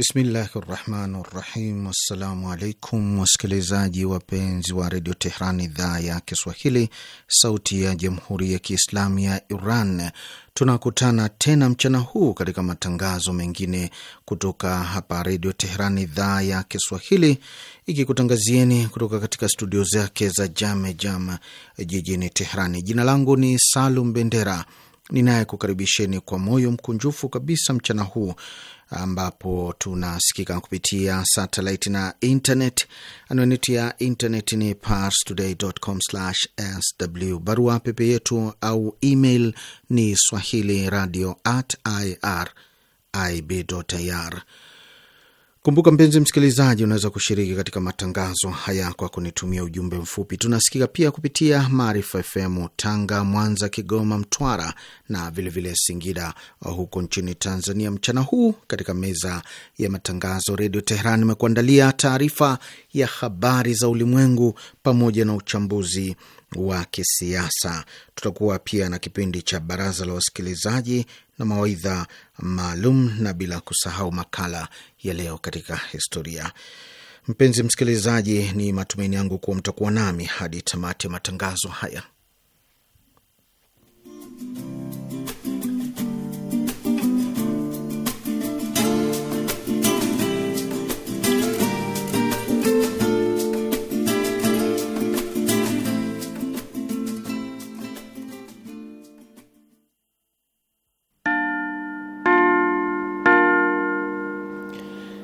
Bismillahi rahmani rahim. Wassalamu alaikum wasikilizaji wapenzi wa redio Tehran, idhaa ya Kiswahili, sauti ya jamhuri ya kiislamu ya Iran. Tunakutana tena mchana huu katika matangazo mengine kutoka hapa redio Tehran, idhaa ya Kiswahili, ikikutangazieni kutoka katika studio zake za Jame Jam jijini Tehrani. Jina langu ni Salum Bendera ninayekukaribisheni kwa moyo mkunjufu kabisa mchana huu ambapo tunasikika kupitia satelit na internet. Anwani ya internet ni parstoday.com/sw. Barua pepe yetu au email ni swahili radio at irib.ir. Kumbuka mpenzi msikilizaji, unaweza kushiriki katika matangazo haya kwa kunitumia ujumbe mfupi. Tunasikika pia kupitia Maarifa FM Tanga, Mwanza, Kigoma, Mtwara na vilevile vile Singida huko nchini Tanzania. Mchana huu katika meza ya matangazo Redio Teheran imekuandalia taarifa ya habari za ulimwengu pamoja na uchambuzi wa kisiasa. Tutakuwa pia na kipindi cha baraza la wasikilizaji na mawaidha maalum, na bila kusahau makala ya leo katika historia. Mpenzi msikilizaji, ni matumaini yangu kuwa mtakuwa nami hadi tamati ya matangazo haya.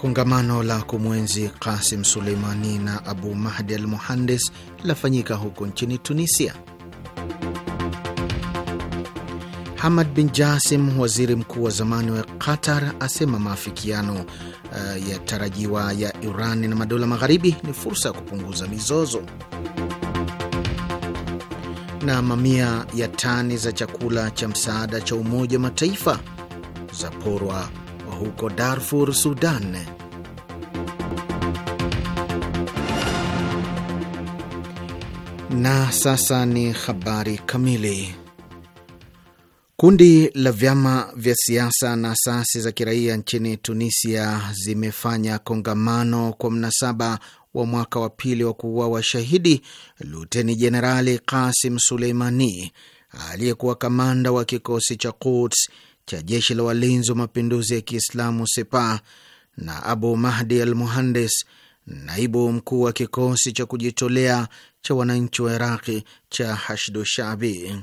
Kongamano la kumwenzi Kasim Suleimani na Abu Mahdi al Muhandis lafanyika huko nchini Tunisia. Hamad bin Jasim, waziri mkuu wa zamani wa Qatar, asema maafikiano uh, ya tarajiwa ya Iran na madola magharibi ni fursa ya kupunguza mizozo. Na mamia ya tani za chakula cha msaada cha Umoja wa Mataifa zaporwa huko Darfur, Sudan. Na sasa ni habari kamili. Kundi la vyama vya siasa na asasi za kiraia nchini Tunisia zimefanya kongamano kwa mnasaba wa mwaka wa pili wa kuuawa shahidi Luteni Jenerali Kasim Suleimani aliyekuwa kamanda wa kikosi cha Quds cha jeshi la walinzi wa mapinduzi ya Kiislamu sepa na Abu Mahdi al Muhandes, naibu mkuu wa kikosi cha kujitolea cha wananchi wa Iraqi cha Hashdu Shabi.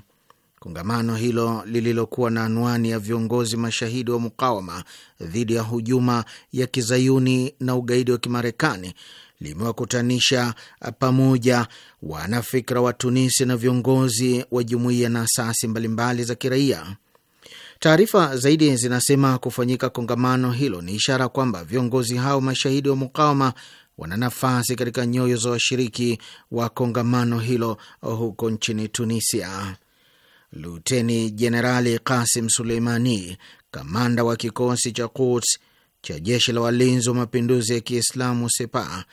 Kongamano hilo lililokuwa na anwani ya viongozi mashahidi wa mukawama dhidi ya hujuma ya kizayuni na ugaidi wa Kimarekani limewakutanisha pamoja wanafikra wa Tunisi na viongozi wa jumuiya na asasi mbalimbali za kiraia. Taarifa zaidi zinasema kufanyika kongamano hilo ni ishara kwamba viongozi hao mashahidi wa mukawama wana nafasi katika nyoyo za washiriki wa kongamano hilo huko nchini Tunisia. Luteni Jenerali Kasim Suleimani, kamanda wa kikosi cha Quds cha jeshi la walinzi wa mapinduzi ya Kiislamu Sepa,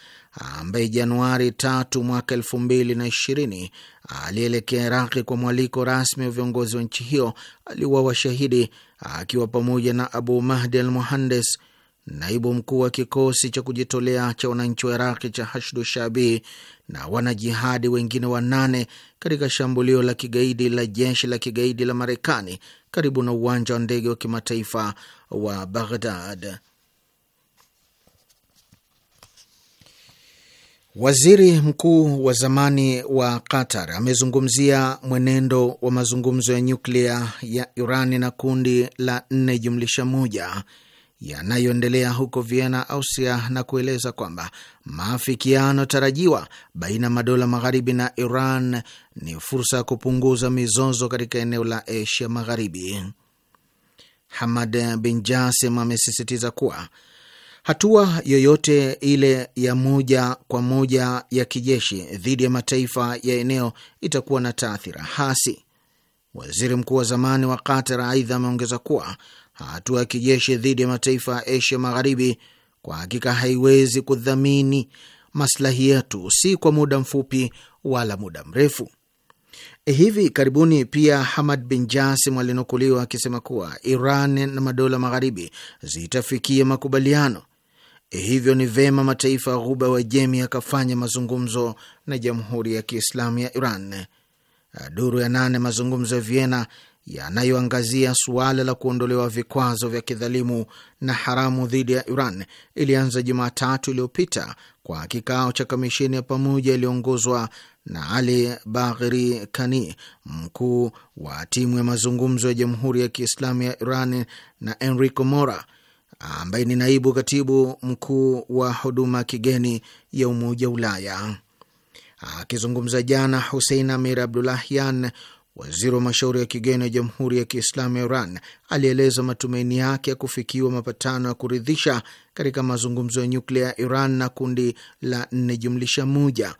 ambaye Januari tatu mwaka elfu mbili na ishirini alielekea Iraqi kwa mwaliko rasmi wa viongozi wa nchi hiyo aliwa washahidi akiwa pamoja na Abu Mahdi al Muhandes, naibu mkuu wa kikosi cha kujitolea cha wananchi wa Iraqi cha Hashdu Shabi na wanajihadi wengine wanane katika shambulio la kigaidi la jeshi la kigaidi la Marekani karibu na uwanja wa ndege wa kimataifa wa Baghdad. Waziri mkuu wa zamani wa Qatar amezungumzia mwenendo wa mazungumzo ya nyuklia ya Iran na kundi la nne jumlisha moja yanayoendelea huko Vienna, Austria, na kueleza kwamba maafikiano tarajiwa baina ya madola magharibi na Iran ni fursa ya kupunguza mizozo katika eneo la Asia Magharibi. Hamad bin Jasim amesisitiza kuwa Hatua yoyote ile ya moja kwa moja ya kijeshi dhidi ya mataifa ya eneo itakuwa na taathira hasi. Waziri mkuu wa zamani wa Qatar aidha ameongeza kuwa hatua ya kijeshi dhidi ya mataifa ya Asia Magharibi kwa hakika haiwezi kudhamini maslahi yetu, si kwa muda mfupi wala muda mrefu. Hivi karibuni pia Hamad bin Jasim alinukuliwa akisema kuwa Iran na madola magharibi zitafikia makubaliano E hivyo ni vema mataifa ya Ghuba Wajemi yakafanya mazungumzo na Jamhuri ya Kiislamu ya Iran. Duru ya nane mazungumzo ya Vienna yanayoangazia suala la kuondolewa vikwazo vya kidhalimu na haramu dhidi ya Iran ilianza Jumatatu iliyopita kwa kikao cha kamisheni ya pamoja iliyoongozwa na Ali Bagheri Kani, mkuu wa timu ya mazungumzo ya Jamhuri ya Kiislamu ya Iran na Enrico Mora, ambaye ni naibu katibu mkuu wa huduma ya kigeni ya Umoja wa Ulaya. Akizungumza jana, Husein Amir Abdulahyan, waziri wa mashauri ya kigeni ya Jamhuri ya Kiislamu ya Iran, alieleza matumaini yake ya kufikiwa mapatano ya kuridhisha katika mazungumzo ya nyuklia ya Iran na kundi la nne jumlisha moja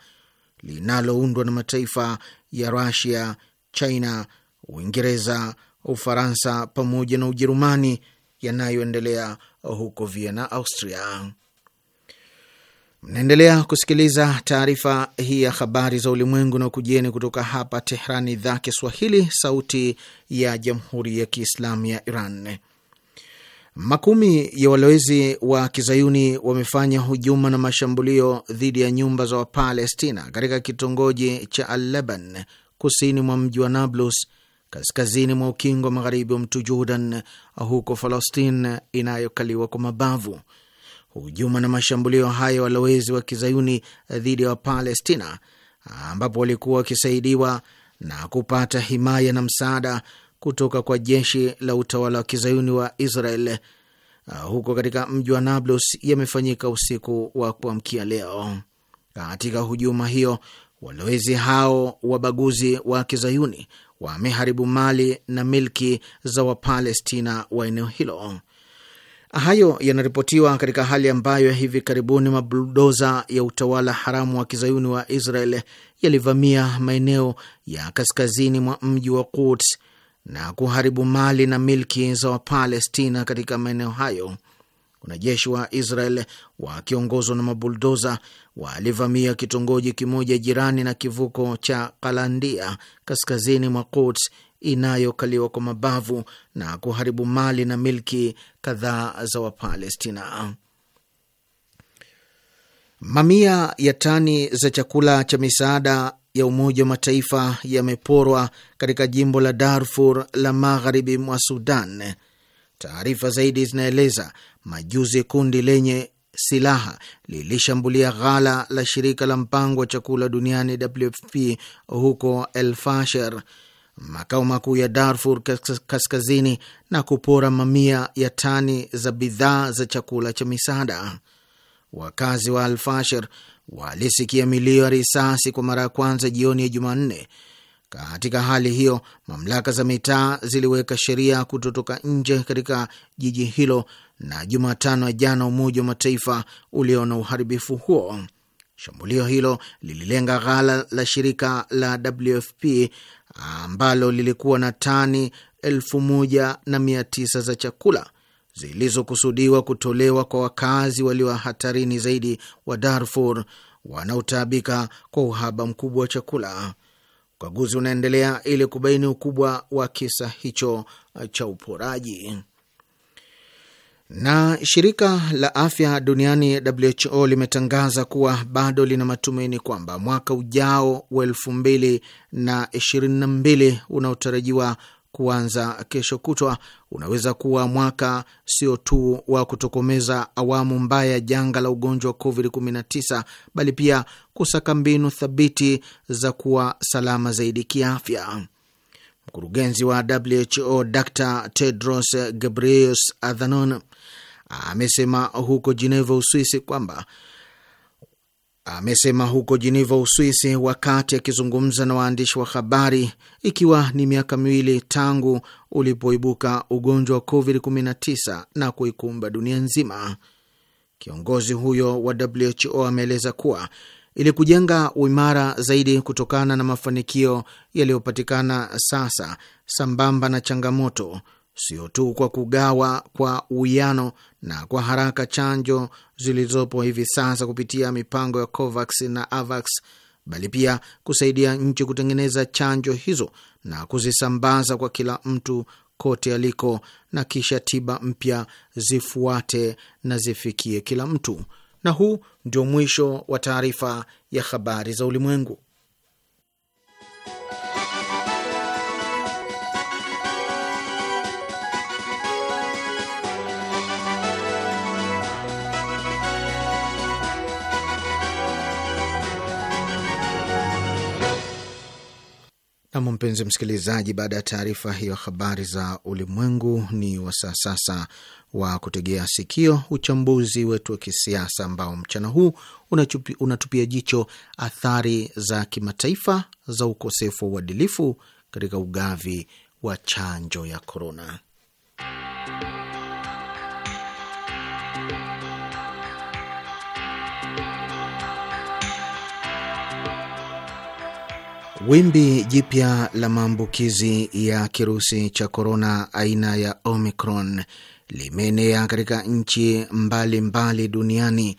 linaloundwa na mataifa ya Rusia, China, Uingereza, Ufaransa pamoja na Ujerumani yanayoendelea huko Vienna, Austria. Mnaendelea kusikiliza taarifa hii ya habari za ulimwengu na kujieni kutoka hapa Tehrani, idhaa Kiswahili, sauti ya jamhuri ya kiislamu ya Iran. Makumi ya walowezi wa kizayuni wamefanya hujuma na mashambulio dhidi ya nyumba za Wapalestina katika kitongoji cha Al Leban kusini mwa mji wa Nablus kaskazini mwa ukingo wa magharibi wa mto Jordan huko Falastin inayokaliwa kwa mabavu. Hujuma na mashambulio hayo walowezi wa kizayuni dhidi ya wa Wapalestina, ambapo walikuwa wakisaidiwa na kupata himaya na msaada kutoka kwa jeshi la utawala wa kizayuni wa Israel huko katika mji wa Nablus yamefanyika usiku wa kuamkia leo. Katika hujuma hiyo walowezi hao wabaguzi wa kizayuni wameharibu mali na milki za Wapalestina wa eneo hilo. Hayo yanaripotiwa katika hali ambayo ya hivi karibuni mabuldoza ya utawala haramu wa kizayuni wa Israel yalivamia maeneo ya kaskazini mwa mji wa Quds na kuharibu mali na milki za Wapalestina katika maeneo hayo. Wanajeshi wa Israel wakiongozwa na mabuldoza walivamia kitongoji kimoja jirani na kivuko cha Kalandia kaskazini mwa Quds inayokaliwa kwa mabavu na kuharibu mali na milki kadhaa za Wapalestina. Mamia ya tani za chakula cha misaada ya Umoja wa Mataifa yameporwa katika jimbo la Darfur la magharibi mwa Sudan. Taarifa zaidi zinaeleza majuzi, kundi lenye silaha lilishambulia ghala la shirika la mpango wa chakula duniani WFP huko El Fasher, makao makuu ya Darfur Kaskazini, na kupora mamia ya tani za bidhaa za chakula cha misaada. Wakazi wa Alfasher walisikia milio ya risasi kwa mara ya kwanza jioni ya Jumanne katika hali hiyo, mamlaka za mitaa ziliweka sheria kutotoka nje katika jiji hilo, na Jumatano ya jana Umoja wa Mataifa uliona uharibifu huo. Shambulio hilo lililenga ghala la shirika la WFP ambalo lilikuwa na tani elfu moja na mia tisa za chakula zilizokusudiwa kutolewa kwa wakazi walio hatarini zaidi wa Darfur wanaotaabika kwa uhaba mkubwa wa chakula. Ukaguzi unaendelea ili kubaini ukubwa wa kisa hicho cha uporaji. Na shirika la afya duniani WHO limetangaza kuwa bado lina matumaini kwamba mwaka ujao wa elfu mbili na ishirini na mbili unaotarajiwa kuanza kesho kutwa unaweza kuwa mwaka sio tu wa kutokomeza awamu mbaya ya janga la ugonjwa wa COVID-19 bali pia kusaka mbinu thabiti za kuwa salama zaidi kiafya. Mkurugenzi wa WHO Dr Tedros Ghebreyesus Adhanom amesema huko Geneva, Uswisi, kwamba amesema huko Jeneva, Uswisi, wakati akizungumza na waandishi wa habari, ikiwa ni miaka miwili tangu ulipoibuka ugonjwa wa COVID-19 na kuikumba dunia nzima. Kiongozi huyo wa WHO ameeleza kuwa ili kujenga uimara zaidi kutokana na mafanikio yaliyopatikana sasa, sambamba na changamoto, sio tu kwa kugawa kwa uwiano na kwa haraka chanjo zilizopo hivi sasa kupitia mipango ya COVAX na AVAX, bali pia kusaidia nchi kutengeneza chanjo hizo na kuzisambaza kwa kila mtu kote aliko, na kisha tiba mpya zifuate na zifikie kila mtu. Na huu ndio mwisho wa taarifa ya habari za ulimwengu. Nam, mpenzi msikilizaji, baada ya taarifa hiyo habari za ulimwengu, ni wasaa sasa wa kutegea sikio uchambuzi wetu wa kisiasa ambao mchana huu unachupi, unatupia jicho athari za kimataifa za ukosefu wa uadilifu katika ugavi wa chanjo ya korona. Wimbi jipya la maambukizi ya kirusi cha korona aina ya Omicron limeenea katika nchi mbalimbali duniani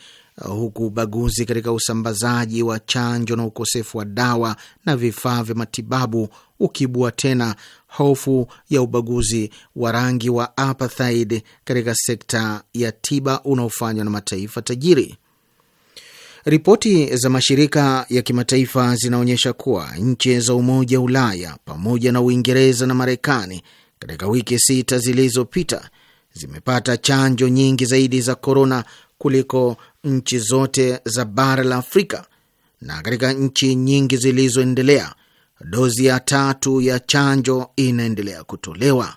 huku ubaguzi katika usambazaji wa chanjo na ukosefu wa dawa na vifaa vya matibabu ukibua tena hofu ya ubaguzi wa rangi wa apartheid katika sekta ya tiba unaofanywa na mataifa tajiri. Ripoti za mashirika ya kimataifa zinaonyesha kuwa nchi za Umoja wa Ulaya pamoja na Uingereza na Marekani katika wiki sita zilizopita zimepata chanjo nyingi zaidi za korona kuliko nchi zote za bara la Afrika, na katika nchi nyingi zilizoendelea dozi ya tatu ya chanjo inaendelea kutolewa.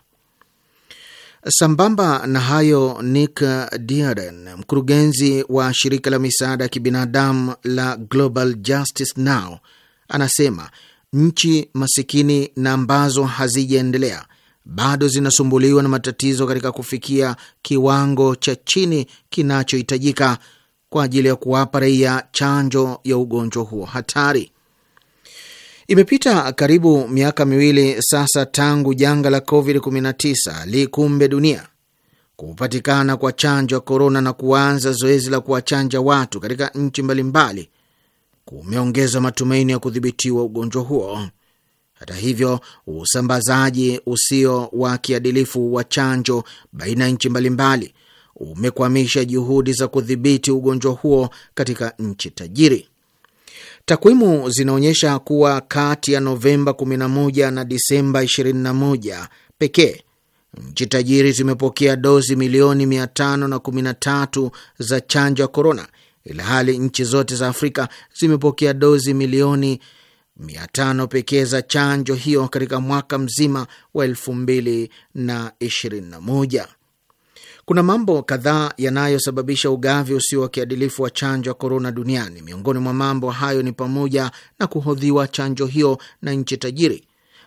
Sambamba na hayo, Nick Dearden, mkurugenzi wa shirika la misaada ya kibinadamu la Global Justice Now, anasema nchi masikini na ambazo hazijaendelea bado zinasumbuliwa na matatizo katika kufikia kiwango cha chini kinachohitajika kwa ajili ya kuwapa raia chanjo ya ugonjwa huo hatari. Imepita karibu miaka miwili sasa tangu janga la COVID-19 likumbe dunia, kupatikana kwa chanjo ya korona na kuanza zoezi la kuwachanja watu katika nchi mbalimbali kumeongeza matumaini ya kudhibitiwa ugonjwa huo. Hata hivyo, usambazaji usio wa kiadilifu wa chanjo baina ya nchi mbalimbali umekwamisha juhudi za kudhibiti ugonjwa huo katika nchi tajiri. Takwimu zinaonyesha kuwa kati ya Novemba 11 na Disemba 21 pekee nchi tajiri zimepokea dozi milioni 513 za chanjo ya korona, ila hali nchi zote za Afrika zimepokea dozi milioni 500 pekee za chanjo hiyo katika mwaka mzima wa 2021. Kuna mambo kadhaa yanayosababisha ugavi usio wa kiadilifu wa chanjo ya korona duniani. Miongoni mwa mambo hayo ni pamoja na kuhodhiwa chanjo hiyo na nchi tajiri,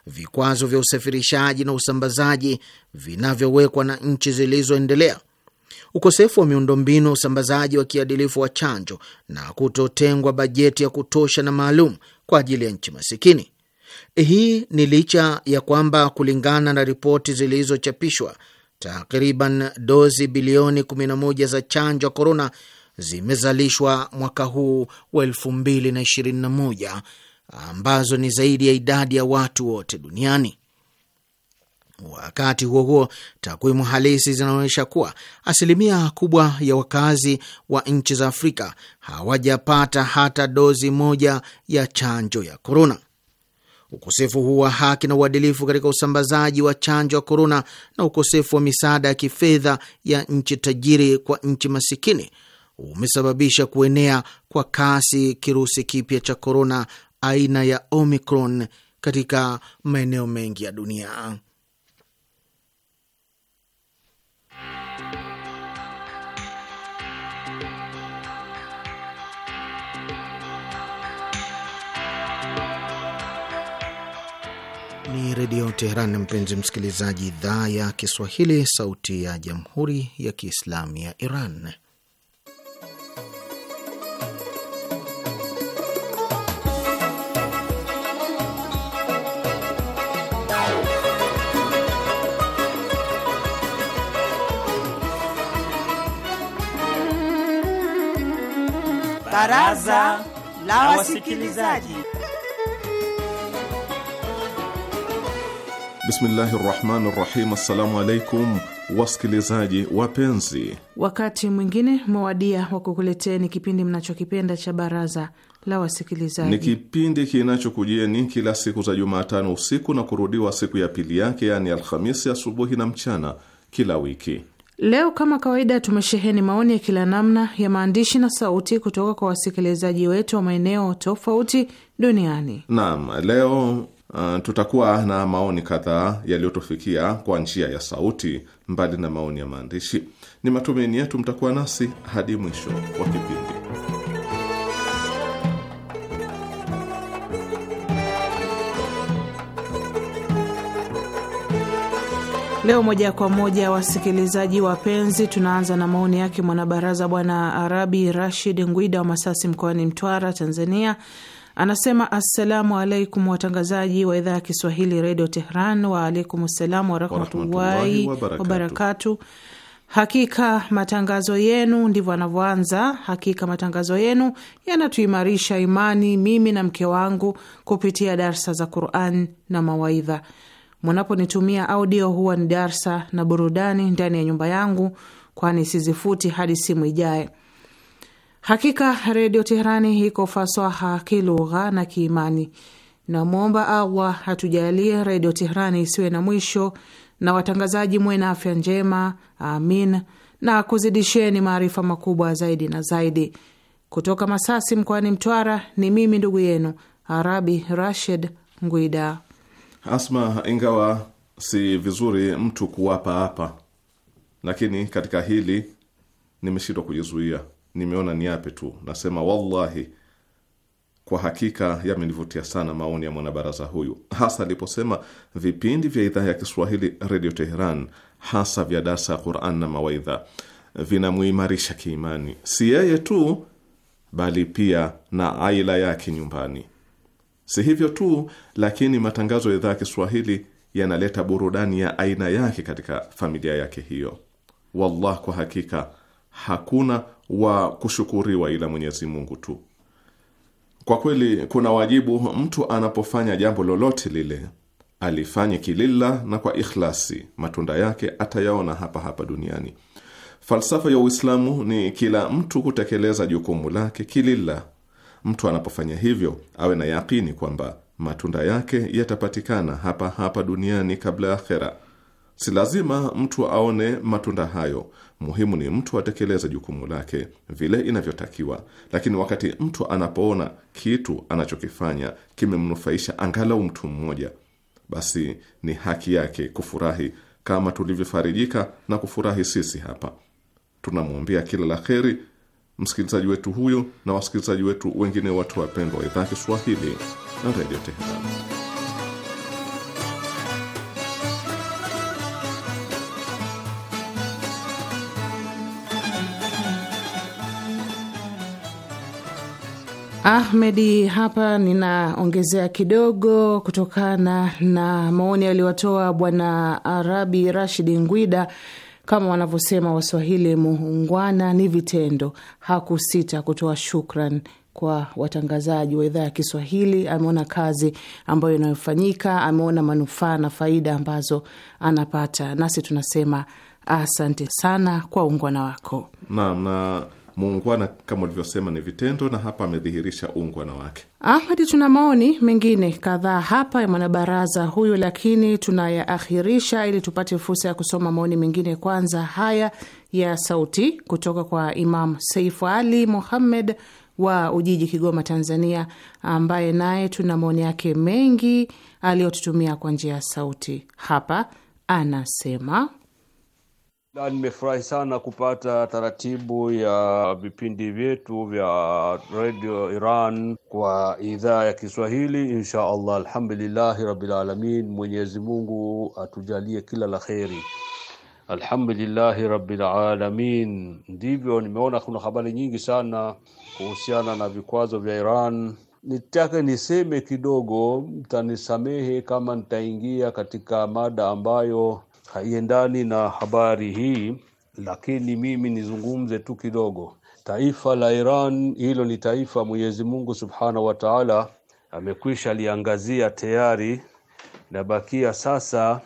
vikwazo vya usafirishaji na usambazaji vinavyowekwa na nchi zilizoendelea, ukosefu wa miundombinu ya usambazaji wa kiadilifu wa chanjo na kutotengwa bajeti ya kutosha na maalum kwa ajili ya nchi masikini. Hii ni licha ya kwamba kulingana na ripoti zilizochapishwa takriban dozi bilioni 11 za chanjo ya korona zimezalishwa mwaka huu wa 2021 ambazo ni zaidi ya idadi ya watu wote duniani. Wakati huo huo, takwimu halisi zinaonyesha kuwa asilimia kubwa ya wakazi wa nchi za Afrika hawajapata hata dozi moja ya chanjo ya korona ukosefu huu wa haki na uadilifu katika usambazaji wa chanjo ya korona na ukosefu wa misaada ya kifedha ya nchi tajiri kwa nchi masikini umesababisha kuenea kwa kasi kirusi kipya cha korona aina ya Omicron katika maeneo mengi ya dunia. ni Redio Teheran, mpenzi msikilizaji, idhaa ya Kiswahili, sauti ya jamhuri ya kiislamu ya Iran. Baraza la Wasikilizaji. Bismillahi rahmani rahim. Assalamu alaikum wasikilizaji wapenzi, wakati mwingine mwawadia wa kukuleteni kipindi mnachokipenda cha baraza la wasikilizaji. Ni kipindi kinachokujieni kila siku za Jumatano usiku na kurudiwa siku ya pili yake, yaani Alhamisi asubuhi ya na mchana kila wiki. Leo kama kawaida, tumesheheni maoni ya kila namna ya maandishi na sauti kutoka kwa wasikilizaji wetu wa maeneo tofauti duniani. Naam, leo Uh, tutakuwa na maoni kadhaa yaliyotufikia kwa njia ya sauti mbali na maoni ya maandishi. Ni matumaini yetu mtakuwa nasi hadi mwisho wa kipindi. Leo moja kwa moja, wasikilizaji wapenzi, tunaanza na maoni yake mwanabaraza Bwana Arabi Rashid Ngwida wa Masasi mkoani Mtwara, Tanzania anasema assalamu alaikum watangazaji wa idhaa ya Kiswahili redio Tehran. Waalaikum salam warahmatullahi wabarakatu. Hakika matangazo yenu, ndivyo anavyoanza. Hakika matangazo yenu yanatuimarisha imani, mimi na mke wangu, kupitia darsa za Quran na mawaidha. Mwanaponitumia audio, huwa ni darsa na burudani ndani ya nyumba yangu, kwani sizifuti hadi simu ijaye. Hakika Redio Teherani iko fasaha kilugha na kiimani. Namwomba Allah hatujalie Redio Teherani isiwe na mwisho na watangazaji mwe na afya njema, amin, na kuzidisheni maarifa makubwa zaidi na zaidi. Kutoka Masasi mkoani Mtwara ni mimi ndugu yenu Arabi Rashid Ngwida. Asma, ingawa si vizuri mtu kuwapa hapa, lakini katika hili nimeshindwa kujizuia nimeona niape tu, nasema wallahi, kwa hakika yamenivutia sana maoni ya mwanabaraza huyu, hasa aliposema vipindi vya idhaa ya Kiswahili Radio Teheran, hasa vya darsa ya Quran na mawaidha vinamuimarisha kiimani, si yeye tu, bali pia na aila yake nyumbani. Si hivyo tu, lakini matangazo ya idhaa ya Kiswahili yanaleta burudani ya aina yake katika familia yake hiyo. Wallah, kwa hakika hakuna wa kushukuriwa ila Mwenyezi Mungu tu. Kwa kweli kuna wajibu mtu anapofanya jambo lolote lile alifanye kililla na kwa ikhlasi, matunda yake atayaona hapa hapa duniani. Falsafa ya Uislamu ni kila mtu kutekeleza jukumu lake kililla. Mtu anapofanya hivyo awe na yakini kwamba matunda yake yatapatikana hapa hapa duniani kabla ya akhera. Si lazima mtu aone matunda hayo, Muhimu ni mtu atekeleze jukumu lake vile inavyotakiwa, lakini wakati mtu anapoona kitu anachokifanya kimemnufaisha angalau mtu mmoja, basi ni haki yake kufurahi, kama tulivyofarijika na kufurahi sisi hapa. Tunamwombea kila la heri msikilizaji wetu huyu na wasikilizaji wetu wengine, watu wapendwa wa idhaa Kiswahili na Redio Teherani. Ahmedi, hapa ninaongezea kidogo kutokana na maoni aliyotoa Bwana Arabi Rashidi Ngwida. Kama wanavyosema Waswahili, muungwana ni vitendo. Hakusita kutoa shukran kwa watangazaji wa idhaa ya Kiswahili. Ameona kazi ambayo inayofanyika, ameona manufaa na faida ambazo anapata, nasi tunasema asante sana kwa uungwana wako. Naam, na Muungwana kama ulivyosema ni vitendo, na hapa amedhihirisha uungwana wake. ahmed tuna maoni mengine kadhaa hapa ya mwanabaraza huyu, lakini tunayaakhirisha ili tupate fursa ya kusoma maoni mengine. Kwanza haya ya sauti kutoka kwa Imam seifu Ali muhammed wa Ujiji, Kigoma, Tanzania, ambaye naye tuna maoni yake mengi aliyotutumia kwa njia ya sauti. Hapa anasema Nimefurahi sana kupata taratibu ya vipindi vyetu vya Radio Iran kwa idhaa ya Kiswahili. Insha Allah, alhamdulillahi rabbil alamin. Mwenyezi Mungu atujalie kila la kheri. Alhamdulillahi rabbil alamin. Ndivyo nimeona kuna habari nyingi sana kuhusiana na vikwazo vya Iran. Nitake niseme kidogo, mtanisamehe kama nitaingia katika mada ambayo haiendani na habari hii, lakini mimi nizungumze tu kidogo. Taifa la Iran hilo ni taifa Mwenyezi Mungu Subhanahu wa Ta'ala amekwisha liangazia tayari, na bakia sasa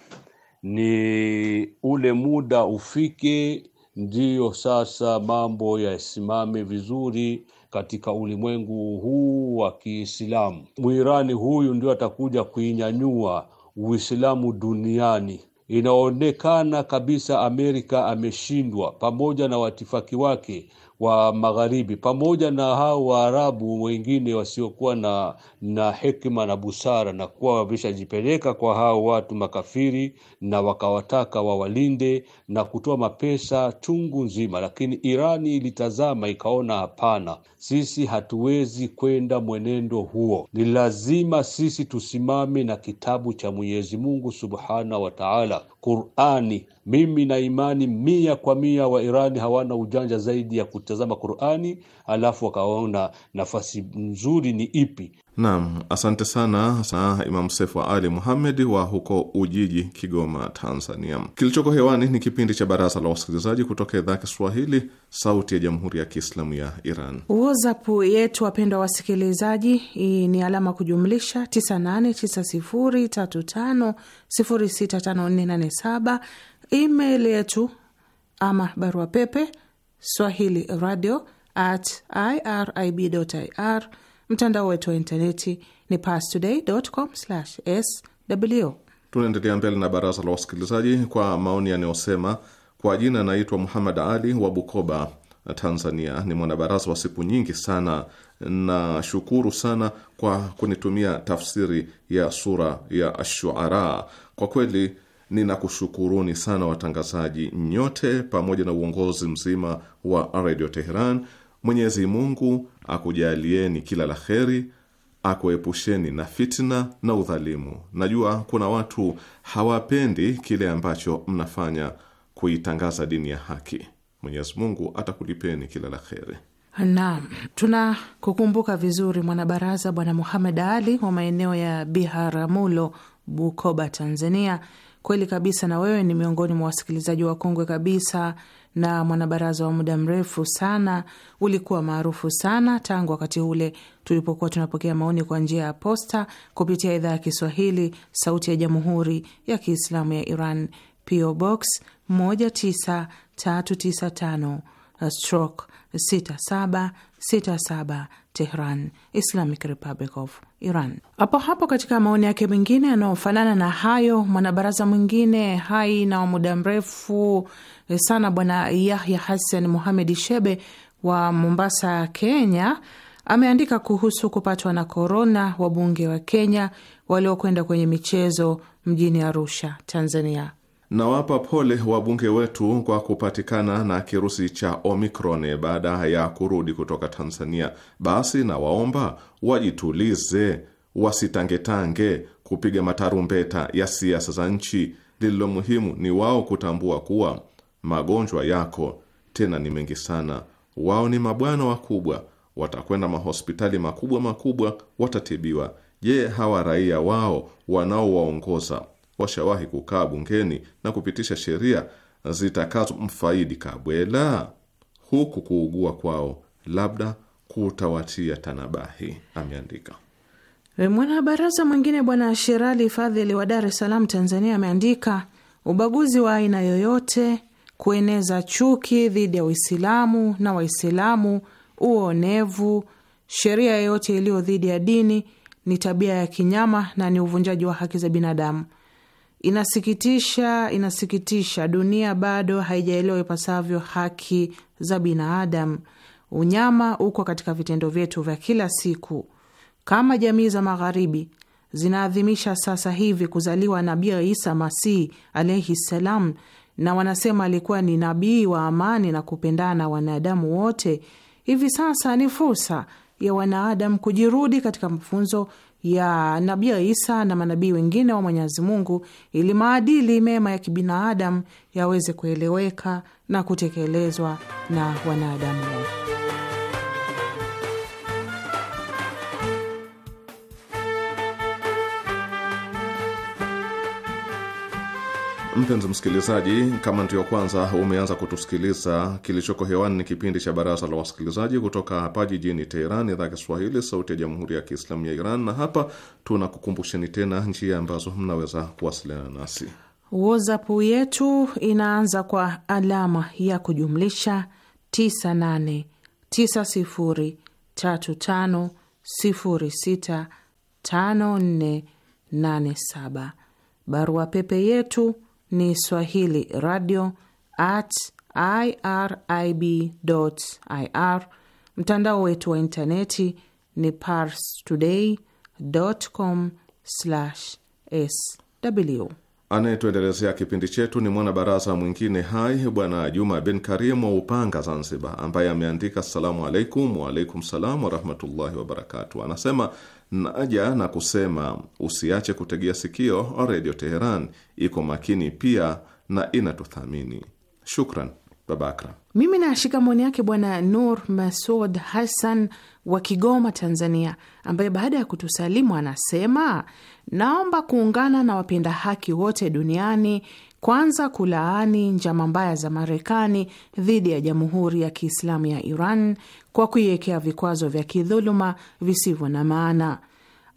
ni ule muda ufike, ndiyo sasa mambo yasimame vizuri katika ulimwengu huu wa Kiislamu. Mwirani huyu ndio atakuja kuinyanyua Uislamu duniani. Inaonekana kabisa Amerika ameshindwa, pamoja na watifaki wake wa magharibi, pamoja na hao Waarabu wengine wasiokuwa na na hekima na busara, na kuwa wameshajipeleka kwa hao watu makafiri na wakawataka wawalinde na kutoa mapesa chungu nzima. Lakini Irani ilitazama ikaona, hapana, sisi hatuwezi kwenda mwenendo huo, ni lazima sisi tusimame na kitabu cha Mwenyezi Mungu Subhanahu wa Ta'ala. Bora, Qurani. Mimi na imani mia kwa mia wa Irani hawana ujanja zaidi ya kutazama Qurani alafu wakaona nafasi nzuri ni ipi Naam, asante sana sana Imam Sefu Ali Muhamed wa huko Ujiji, Kigoma, Tanzania. Kilichoko hewani ni kipindi cha Baraza la Wasikilizaji kutoka idhaa ya Kiswahili, Sauti ya Jamhuri ya Kiislamu ya Iran. WhatsApp yetu wapendwa wasikilizaji ni alama kujumlisha 989035065487. Email yetu ama barua pepe swahili radio at irib.ir Mtandao wetu wa intaneti ni sw Tunaendelea mbele na baraza la wasikilizaji kwa maoni yanayosema, kwa jina anaitwa Muhammad Ali wa Bukoba, Tanzania. Ni mwanabaraza wa siku nyingi sana. Nashukuru sana kwa kunitumia tafsiri ya sura ya Ashuara. Kwa kweli ninakushukuruni sana watangazaji nyote, pamoja na uongozi mzima wa redio Teheran Mwenyezi Mungu akujalieni kila la kheri, akuepusheni na fitna na udhalimu. Najua kuna watu hawapendi kile ambacho mnafanya kuitangaza dini ya haki. Mwenyezi Mungu atakulipeni kila la kheri. Naam, tuna kukumbuka vizuri mwanabaraza Bwana Muhamed Ali wa maeneo ya Biharamulo, Bukoba, Tanzania. Kweli kabisa, na wewe ni miongoni mwa wasikilizaji wakongwe kabisa na mwanabaraza wa muda mrefu sana, ulikuwa maarufu sana tangu wakati ule tulipokuwa tunapokea maoni kwa njia ya posta kupitia idhaa ya Kiswahili, Sauti ya Jamhuri ya Kiislamu ya Iran, PO Box 19395 stroke 6767 Tehran, Islamic Republic of Iran. Hapo hapo katika maoni yake mengine yanayofanana na hayo, mwanabaraza mwingine hai na wa muda mrefu sana Bwana Yahya Hassan Muhamed Shebe wa Mombasa, Kenya, ameandika kuhusu kupatwa na korona wabunge wa Kenya waliokwenda kwenye michezo mjini Arusha, Tanzania. Nawapa pole wabunge wetu kwa kupatikana na kirusi cha Omicron baada ya kurudi kutoka Tanzania. Basi nawaomba wajitulize, wasitangetange kupiga matarumbeta ya siasa za nchi. Lililo muhimu ni wao kutambua kuwa magonjwa yako tena ni mengi sana. Wao ni mabwana wakubwa, watakwenda mahospitali makubwa makubwa, watatibiwa. Je, hawa raia wao wanaowaongoza washawahi kukaa bungeni na kupitisha sheria zitakazomfaidi Kabwela? Huku kuugua kwao labda kutawatia tanabahi, ameandika. E, mwanabaraza mwingine Bwana Sherali Fadhili wa Dar es Salaam, Tanzania, ameandika ubaguzi wa aina yoyote, kueneza chuki dhidi ya Uislamu na Waislamu, uonevu, sheria yoyote iliyo dhidi ya dini ni tabia ya kinyama na ni uvunjaji wa haki za binadamu. Inasikitisha, inasikitisha, dunia bado haijaelewa ipasavyo haki za binadamu. Unyama uko katika vitendo vyetu vya kila siku. Kama jamii za Magharibi zinaadhimisha sasa hivi kuzaliwa Nabii Isa Masihi alaihi ssalam, na wanasema alikuwa ni nabii wa amani na kupendana wanadamu wote, hivi sasa ni fursa ya wanadamu kujirudi katika mafunzo ya Nabii Isa na manabii wengine wa Mwenyezi Mungu ili maadili mema ya kibinadamu yaweze kueleweka na kutekelezwa na wanadamu. Mpenzi msikilizaji, kama ndiyo kwanza umeanza kutusikiliza, kilichoko hewani ni kipindi cha Baraza la Wasikilizaji kutoka hapa jijini Teheran, idhaa Kiswahili, sauti ya Jamhuri ya Kiislamu ya Iran. Na hapa tunakukumbusheni tena njia ambazo mnaweza kuwasiliana nasi. WhatsApp yetu inaanza kwa alama ya kujumlisha 989035065487. Barua pepe yetu ni swahili radio at irib ir. Mtandao wetu wa intaneti ni pars today com sw. Anayetuendelezea kipindi chetu ni mwanabaraza mwingine hai Bwana Juma bin Karim wa Upanga, Zanzibar, ambaye ameandika assalamu alaikum. Waalaikum salam warahmatullahi wabarakatu. Anasema naja na kusema usiache kutegea sikio Redio Teheran, iko makini pia na inatuthamini. Shukran. Babakra. Mimi nashika maoni yake Bwana Nur Masud Hassan wa Kigoma, Tanzania, ambaye baada ya kutusalimu anasema naomba kuungana na wapenda haki wote duniani kwanza kulaani njama mbaya za Marekani dhidi ya Jamhuri ya Kiislamu ya Iran kwa kuiwekea vikwazo vya kidhuluma visivyo na maana.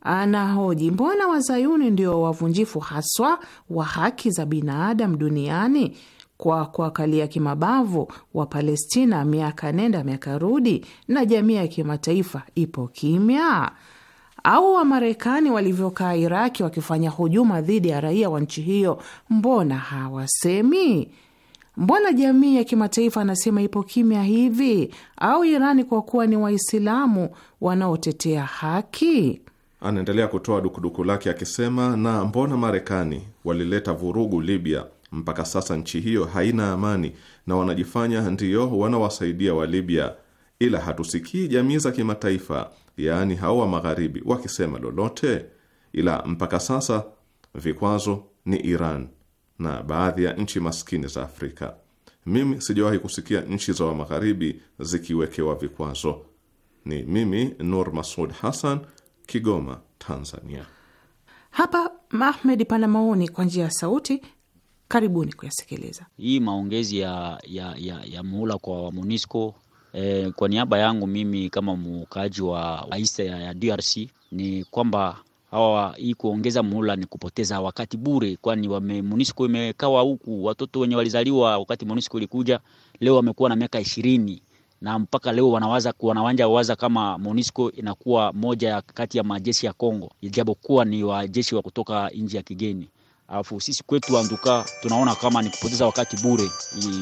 Anahoji, mbona wazayuni ndio wavunjifu haswa wa haki za binadamu duniani? kwa kuwakalia kimabavu wa Palestina miaka nenda miaka rudi, na jamii ya kimataifa ipo kimya? Au Wamarekani walivyokaa Iraki wakifanya hujuma dhidi ya raia wa nchi hiyo, mbona hawasemi? Mbona jamii ya kimataifa anasema ipo kimya hivi? Au Irani kwa kuwa ni Waislamu wanaotetea haki? Anaendelea kutoa dukuduku lake akisema, na mbona Marekani walileta vurugu Libya mpaka sasa nchi hiyo haina amani na wanajifanya ndiyo wanawasaidia wa Libya, ila hatusikii jamii za kimataifa, yaani hao wa magharibi wakisema lolote, ila mpaka sasa vikwazo ni Iran na baadhi ya nchi maskini za Afrika. Mimi sijawahi kusikia nchi za wa magharibi zikiwekewa vikwazo. Ni mimi Nur Masud Hassan, Kigoma, Tanzania. Hapa Mahmed pana maoni kwa njia ya sauti Karibuni kuyasikiliza hii maongezi ya, ya, ya, ya muhula kwa MONUSCO. E, eh, kwa niaba yangu mimi kama mukaaji wa aisa ya DRC ni kwamba hawa hii kuongeza muhula ni kupoteza wakati bure, kwani wame MONUSCO imekawa huku watoto wenye walizaliwa wakati MONUSCO ilikuja, leo wamekuwa na miaka ishirini na mpaka leo wanawaza wanawanja waza kama MONUSCO inakuwa moja kati ya majeshi ya Kongo, ijapokuwa ni wajeshi wa kutoka nchi ya kigeni. Alafu sisi kwetu anduka tunaona kama ni kupoteza wakati bure,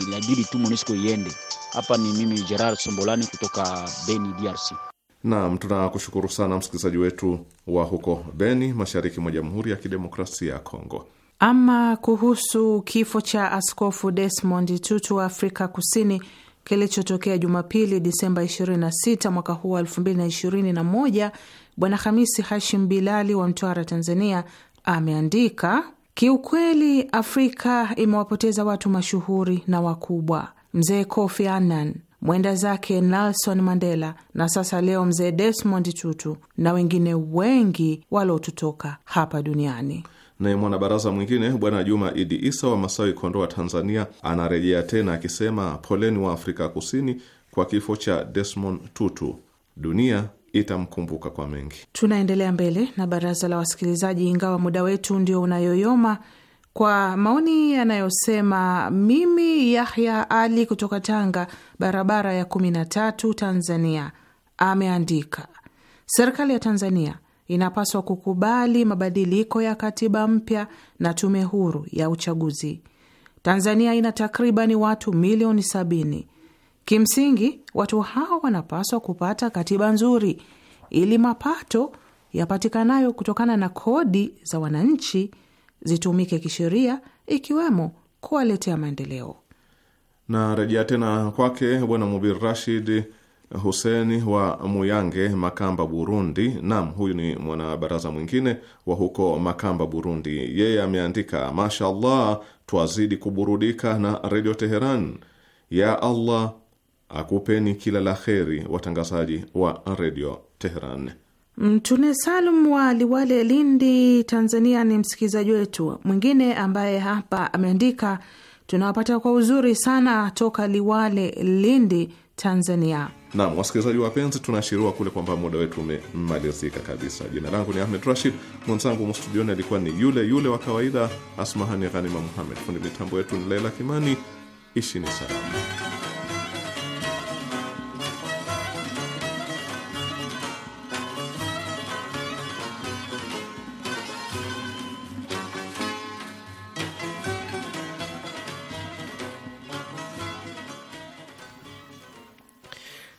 inabidi tu MONUSCO iende. Hapa ni mimi Gerard Sombolani kutoka Beni, DRC. Naam, tunakushukuru sana msikilizaji wetu wa huko Beni, mashariki mwa Jamhuri ya Kidemokrasia ya Kongo. Ama kuhusu kifo cha Askofu Desmond Tutu wa Afrika Kusini kilichotokea Jumapili Disemba 26 mwaka huu wa 2021, Bwana Hamisi Hashim Bilali wa Mtwara, Tanzania, ameandika Kiukweli, Afrika imewapoteza watu mashuhuri na wakubwa, mzee Kofi Annan, mwenda zake Nelson Mandela na sasa leo mzee Desmond Tutu na wengine wengi waliotutoka hapa duniani. Naye mwanabaraza mwingine Bwana Juma Idi Isa wa Masawi, Kondoa, Tanzania, anarejea tena akisema poleni wa Afrika Kusini kwa kifo cha Desmond Tutu. Dunia itamkumbuka kwa mengi. Tunaendelea mbele na baraza la wasikilizaji, ingawa muda wetu ndio unayoyoma kwa maoni yanayosema mimi Yahya Ali kutoka Tanga, barabara ya kumi na tatu, Tanzania, ameandika serikali ya Tanzania inapaswa kukubali mabadiliko ya katiba mpya na tume huru ya uchaguzi. Tanzania ina takribani watu milioni sabini. Kimsingi, watu hao wanapaswa kupata katiba nzuri ili mapato yapatikanayo kutokana na kodi za wananchi zitumike kisheria, ikiwemo kuwaletea maendeleo. Na rejea tena kwake Bwana Mubir Rashid Huseni wa Muyange, Makamba, Burundi. Naam, huyu ni mwanabaraza mwingine wa huko Makamba, Burundi. Yeye ameandika mashallah, twazidi kuburudika na Redio Teheran. Ya Allah, akupeni kila la kheri, watangazaji wa redio Teheran. Mtune Salum wa Liwale, Lindi, Tanzania ni msikilizaji wetu mwingine ambaye hapa ameandika, tunawapata kwa uzuri sana toka Liwale, Lindi, Tanzania. Naam, wasikilizaji wapenzi, tunaashiriwa kule kwamba muda wetu umemalizika kabisa. Jina langu ni Ahmed Rashid, mwenzangu mstudioni alikuwa ni yule yule wa kawaida Asmahani Ghanima Muhamed, fundi mitambo yetu ni Laila Kimani. Ishini salama.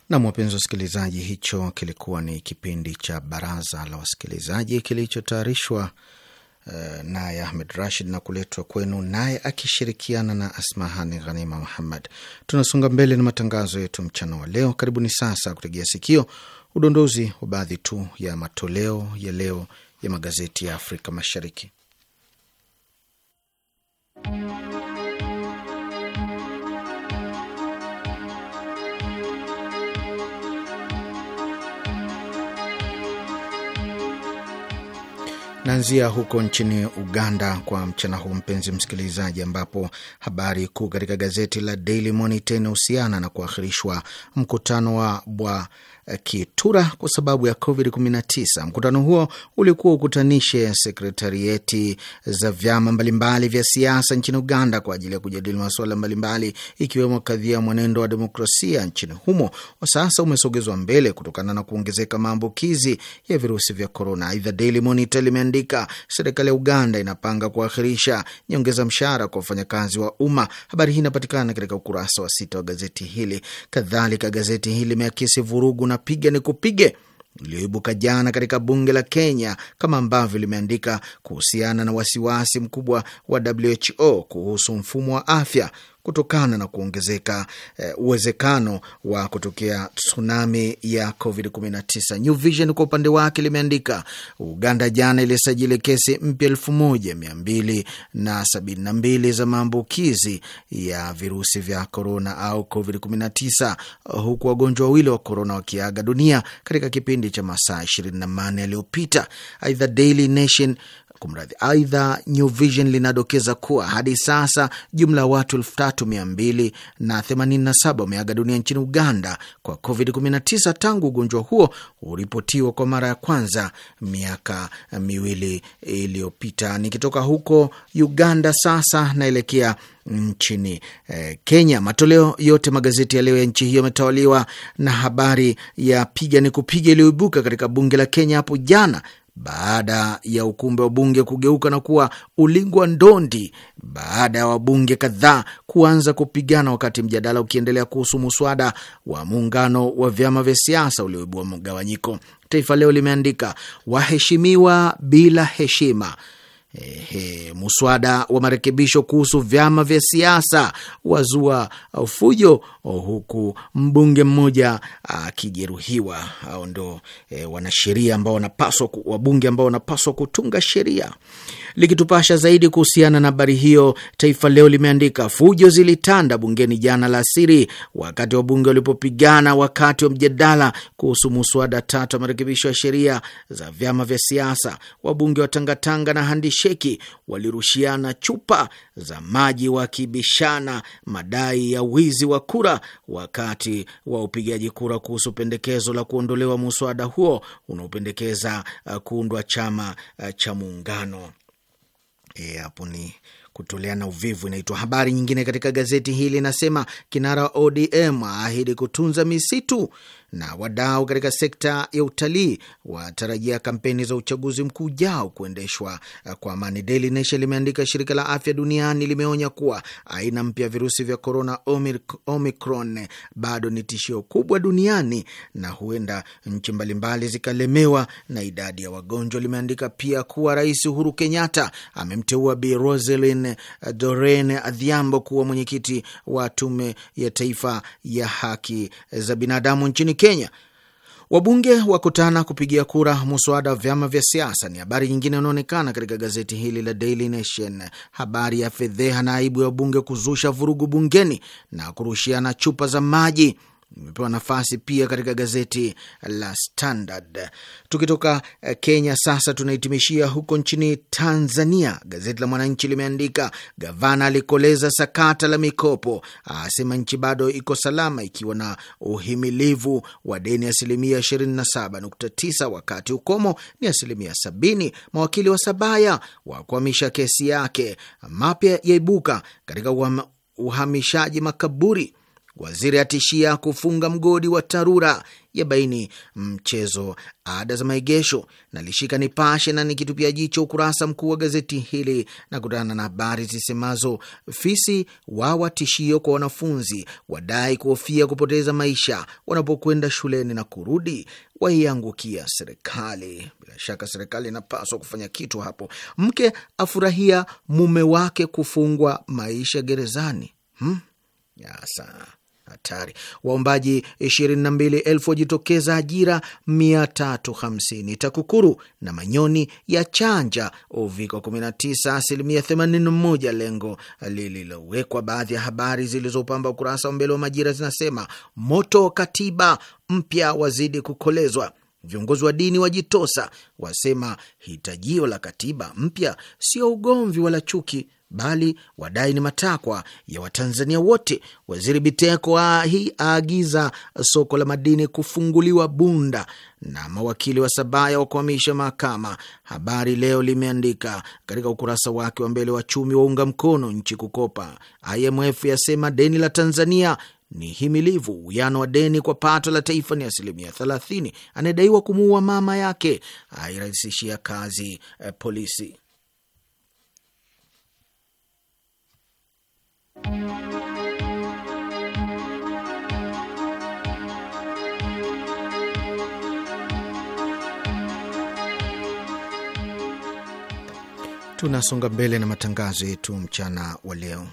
Nam, wapenzi wasikilizaji, hicho kilikuwa ni kipindi cha baraza la wasikilizaji kilichotayarishwa uh, naye Ahmed Rashid na kuletwa kwenu naye akishirikiana na Asmahani Ghanima Muhammad. Tunasonga mbele na matangazo yetu mchana wa leo. Karibuni sasa kutegea sikio udondozi wa baadhi tu ya matoleo ya leo ya magazeti ya Afrika Mashariki. Naanzia huko nchini Uganda kwa mchana huu, mpenzi msikilizaji, ambapo habari kuu katika gazeti la Daily Monitor inahusiana na kuahirishwa mkutano wa bwa Kitura kwa sababu ya COVID-19. Mkutano huo ulikuwa ukutanishe sekretarieti za vyama mbalimbali vya siasa nchini Uganda kwa ajili ya kujadili masuala mbalimbali ikiwemo kadhia ya mwenendo wa demokrasia nchini humo sasa umesogezwa mbele kutokana na kuongezeka maambukizi ya virusi vya korona. Aidha, Daily Monitor limeandika serikali ya Uganda inapanga kuakhirisha nyongeza mshahara kwa wafanyakazi wa umma. Habari hii inapatikana katika ukurasa wa sita wa gazeti hili. Kadhalika, gazeti hili limeakisi vurugu na piga ni kupige iliyoibuka jana katika bunge la Kenya kama ambavyo limeandika kuhusiana na wasiwasi mkubwa wa WHO kuhusu mfumo wa afya kutokana na kuongezeka eh, uwezekano wa kutokea tsunami ya COVID-19. New Vision kwa upande wake limeandika Uganda jana ilisajili kesi mpya elfu moja mia mbili na sabini na mbili za maambukizi ya virusi vya korona au COVID-19 huku wagonjwa wawili wa korona wakiaga dunia katika kipindi cha masaa manne yaliyopita. Aidha, Daily Nation Kumradhi. Aidha, New Vision linadokeza kuwa hadi sasa jumla ya watu 3287 wameaga dunia nchini Uganda kwa COVID-19 tangu ugonjwa huo uripotiwa kwa mara ya kwanza miaka miwili iliyopita. Nikitoka huko Uganda sasa naelekea nchini eh, Kenya. Matoleo yote magazeti ya leo ya nchi hiyo yametawaliwa na habari ya piga ni kupiga iliyoibuka katika bunge la Kenya hapo jana baada ya ukumbi wa bunge kugeuka na kuwa ulingwa ndondi baada ya wabunge kadhaa kuanza kupigana, wakati mjadala ukiendelea kuhusu muswada wa muungano wa vyama vya siasa ulioibua mgawanyiko. Taifa Leo limeandika waheshimiwa bila heshima Ehe, muswada wa marekebisho kuhusu vyama vya siasa wazua fujo, huku mbunge mmoja akijeruhiwa. Hao ndo e, wanasheria ambao wanapaswa, wabunge ambao wanapaswa kutunga sheria. Likitupasha zaidi kuhusiana na habari hiyo, Taifa Leo limeandika fujo zilitanda bungeni jana la asiri wakati wa bunge walipopigana wakati wa mjadala kuhusu muswada tatu wa marekebisho ya sheria za vyama vya siasa. Wabunge wa tangatanga na handisheki walirushiana chupa za maji wakibishana madai ya wizi wa kura wakati wa upigaji kura kuhusu pendekezo la kuondolewa muswada huo unaopendekeza uh, kuundwa chama uh, cha muungano. Eh, hapo ni kutolea na uvivu. Inaitwa habari nyingine katika gazeti hili, inasema kinara ODM aahidi kutunza misitu na wadau katika sekta ya utalii watarajia kampeni za uchaguzi mkuu ujao kuendeshwa kwa amani. Daily Nation limeandika, shirika la afya duniani limeonya kuwa aina mpya ya virusi vya korona Omicron bado ni tishio kubwa duniani na huenda nchi mbalimbali zikalemewa na idadi ya wagonjwa. Limeandika pia kuwa Rais Uhuru Kenyatta amemteua Bi Roselyn Doreen Adhiambo kuwa mwenyekiti wa Tume ya Taifa ya Haki za Binadamu nchini Kenya. Wabunge wakutana kupigia kura muswada wa vyama vya siasa, ni habari nyingine inaonekana katika gazeti hili la Daily Nation. Habari ya fedheha na aibu ya wabunge kuzusha vurugu bungeni na kurushiana chupa za maji imepewa nafasi pia katika gazeti la Standard. Tukitoka eh, Kenya sasa tunaitimishia huko nchini Tanzania. Gazeti la Mwananchi limeandika gavana alikoleza sakata la mikopo, asema nchi bado iko salama ikiwa na uhimilivu wa deni asilimia 27.9 wakati ukomo ni asilimia 70. Mawakili wa Sabaya wakwamisha kesi yake. Mapya yaibuka katika uhamishaji makaburi Waziri atishia kufunga mgodi wa TARURA, ya baini mchezo ada za maegesho. Nalishika Nipashe na nikitupia jicho ukurasa mkuu wa gazeti hili na kutana na habari zisemazo: fisi wawa tishio kwa wanafunzi, wadai kuhofia kupoteza maisha wanapokwenda shuleni na kurudi, waiangukia serikali. Bila shaka serikali inapaswa kufanya kitu hapo. Mke afurahia mume wake kufungwa maisha gerezani. hmm? Sasa hatari. Waombaji 22,000 wajitokeza ajira 350. TAKUKURU na manyoni ya chanja uviko 19 asilimia 81, lengo lililowekwa. Baadhi ya habari zilizopamba ukurasa wa mbele wa Majira zinasema moto katiba mpya wazidi kukolezwa Viongozi wa dini wajitosa, wasema hitajio la katiba mpya sio ugomvi wala chuki, bali wadai ni matakwa ya Watanzania wote. Waziri Biteko hii aagiza soko la madini kufunguliwa Bunda, na mawakili wa Sabaya wakuamisha mahakama. Habari Leo limeandika katika ukurasa wake wa mbele, wachumi waunga mkono nchi kukopa. IMF yasema deni la Tanzania ni himilivu. Uwiano wa deni kwa pato la taifa ni asilimia thelathini. Anayedaiwa kumuua mama yake airahisishia kazi eh, polisi Tunasonga mbele na matangazo yetu mchana wa leo.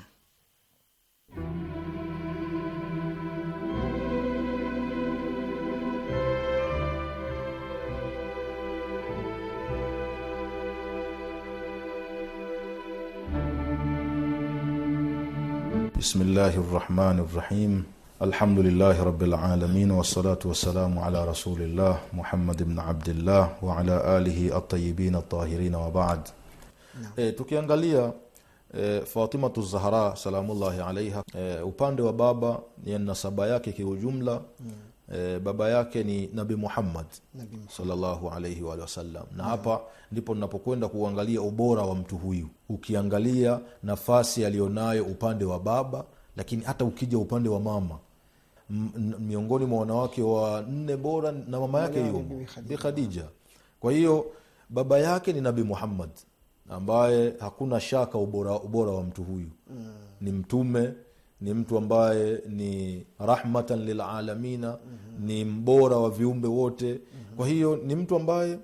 بسم الله الرحمن الرحيم الحمد لله رب العالمين والصلاة والسلام على رسول الله محمد بن عبد الله وعلى آله الطيبين الطاهرين وبعد tukiangalia eh, fatimatu zahra salamullahi alaiha eh, upande wa baba ya nasaba yake kiujumla mm. e, baba yake ni nabi muhammad, nabi na mm. hapa ndipo napokwenda kuangalia ubora wa mtu huyu ukiangalia nafasi aliyonayo upande wa baba lakini hata ukija upande wa mama miongoni mwa wanawake wa nne bora na mama yake hiyo bi khadija kwa hiyo baba yake ni nabi muhammad ambaye hakuna shaka ubora, ubora wa mtu huyu mm. ni mtume ni mtu ambaye ni rahmatan lilalamina mm-hmm. ni mbora wa viumbe wote mm-hmm. kwa hiyo ni mtu ambaye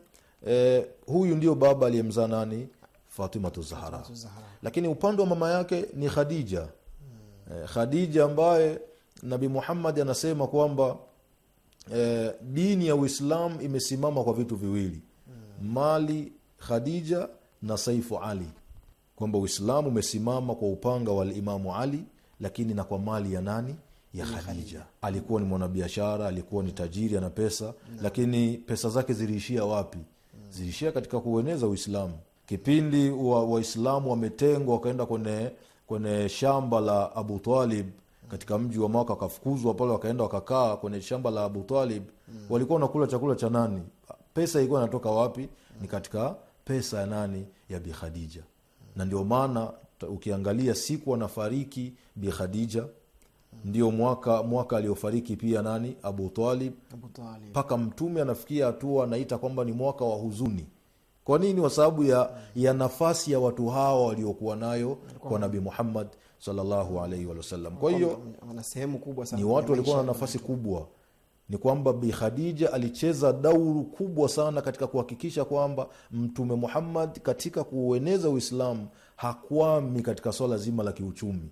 eh, huyu ndio baba aliyemzaa nani fatimatu zahara. lakini upande wa mama yake ni khadija mm. eh, khadija ambaye nabi muhammad anasema kwamba eh, dini ya uislam imesimama kwa vitu viwili mm. mali khadija na saifu ali kwamba uislamu umesimama kwa upanga wa limamu ali lakini na kwa mali ya nani ya Khadija. Alikuwa ni mwanabiashara, alikuwa ni tajiri, ana pesa lakini pesa zake ziliishia wapi? Ziliishia katika kueneza Uislamu. Kipindi Waislamu wa wametengwa wakaenda kwenye kwenye shamba la Abu Talib katika mji wa Maka, wakafukuzwa pale, wakaenda wakakaa kwenye shamba la Abu Talib mm. walikuwa wanakula chakula cha nani? Pesa ilikuwa inatoka wapi? Ni katika pesa ya nani? Ya Bi Khadija. Hmm. Na ndio maana ukiangalia siku anafariki Bi Khadija ndio mwaka mwaka aliofariki pia nani Abu Talib mpaka Mtume anafikia hatua anaita kwamba ni mwaka wa huzuni. Kwa nini? Kwa sababu ya, ya nafasi ya watu hawa waliokuwa nayo kwa Nabi Muhammad sallallahu alaihi wasallam. Kwa hiyo ni watu walikuwa na nafasi kubwa, ni kwamba Bi Khadija alicheza dauru kubwa sana katika kuhakikisha kwamba Mtume Muhammad katika kuueneza Uislamu hakwami katika swala zima la kiuchumi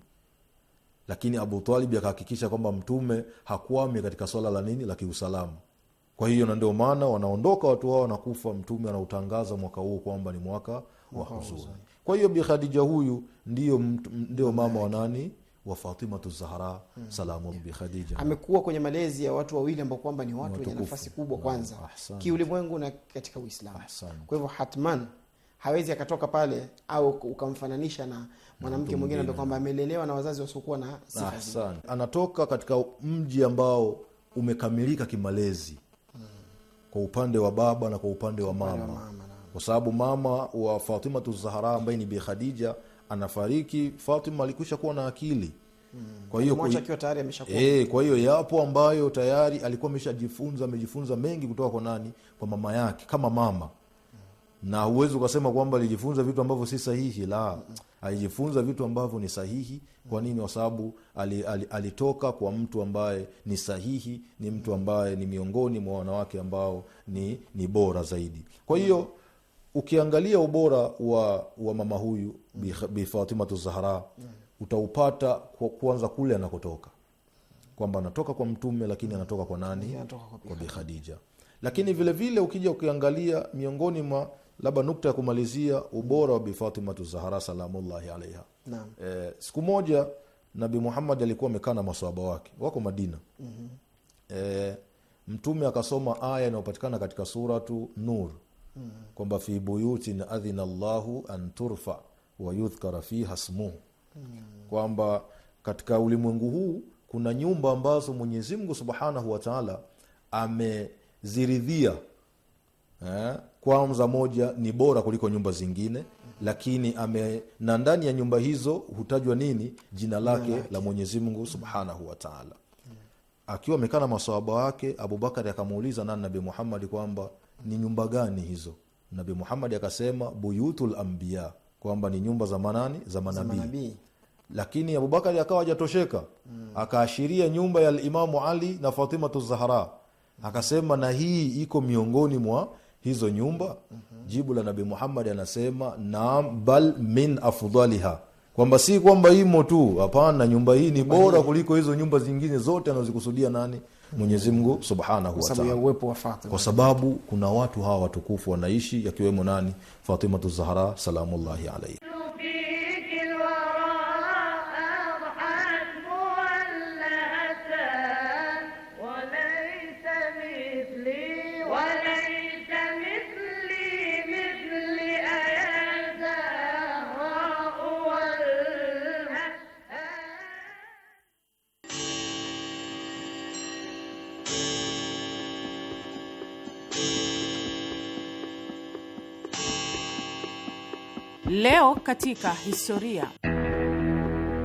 lakini Abu akahakikisha kwamba mtume hakwami katika swala la nini la kiusalama. Kwa hiyo na ndio maana wanaondoka watu hao wanakufa, mtume anautangaza mwaka huu kwamba ni mwaka wa huzuni. Kwa hiyo bikhadija huyu ndio ndio mama wanani wa Fatimatu Zahra hmm. Salamu yeah. bikhadija amekuwa kwenye malezi ya watu wawili ambao kwamba ni watu wenye nafasi kubwa kwanza kiulimwengu na katika Uislamu. Kwa hivyo hatman hawezi akatoka pale au ukamfananisha na mwanamke mwingine ambaye kwamba amelelewa na wazazi wasiokuwa na ah, sifa ah, anatoka katika mji ambao umekamilika kimalezi hmm. kwa upande wa baba na kwa upande wa mama, mama, mama. kwa sababu mama wa Fatima Zahara ambaye ni Bi anafariki, Fatima alikwisha kuwa na akili Hmm. Kwa hiyo eh, kwa hiyo yapo ambayo tayari alikuwa ameshajifunza amejifunza mengi kutoka kwa nani, kwa mama yake kama mama na huwezi ukasema kwamba alijifunza vitu ambavyo si sahihi. La, alijifunza vitu ambavyo ni sahihi. Kwa nini? Kwa sababu alitoka kwa mtu ambaye ni sahihi, ni mtu ambaye ni miongoni mwa wanawake ambao ni, ni bora zaidi. Kwa hiyo ukiangalia ubora wa, wa mama huyu Bi Zahra utaupata kwanza kule anakotoka, kwamba anatoka kwa Mtume, lakini anatoka kwa nani? Kwa bikhadija Lakini vilevile vile ukija ukiangalia miongoni mwa labda nukta ya kumalizia ubora wa bifatimatu zahara salamullahi alaiha. E, siku moja Nabi Muhammad alikuwa amekaa na maswaba wake wako Madina. mm -hmm. E, mtume akasoma aya inayopatikana katika suratu Nur mm -hmm. kwamba fi buyutin adhina llahu an turfa wa yudhkara fiha smuhu mm -hmm. kwamba katika ulimwengu huu kuna nyumba ambazo mwenyezimgu subhanahu wataala ameziridhia eh? kwanza moja ni bora kuliko nyumba zingine lakini ame, na ndani ya nyumba hizo hutajwa nini? Jina lake la Mwenyezi Mungu subhanahu wataala Akiwa amekaa na masoaba wake, Abubakari akamuuliza nani Nabi Muhammadi kwamba ni nyumba gani hizo? Nabi Muhammadi akasema buyutu lambia kwamba ni nyumba za manani za manabii. Lakini Abubakari akawa hajatosheka, hmm. akaashiria nyumba ya limamu Ali na Fatimatu Zahra, akasema na hii iko miongoni mwa hizo nyumba mm-hmm. jibu la nabi muhammad anasema naam bal min afdaliha kwamba si kwamba imo tu hapana nyumba hii ni bora kuliko hizo nyumba zingine zote anazikusudia nani mwenyezimgu subhanahu wataala kwa sababu kuna watu hawa watukufu wanaishi yakiwemo nani fatimatu zahra salamullahi alaihi Leo katika historia.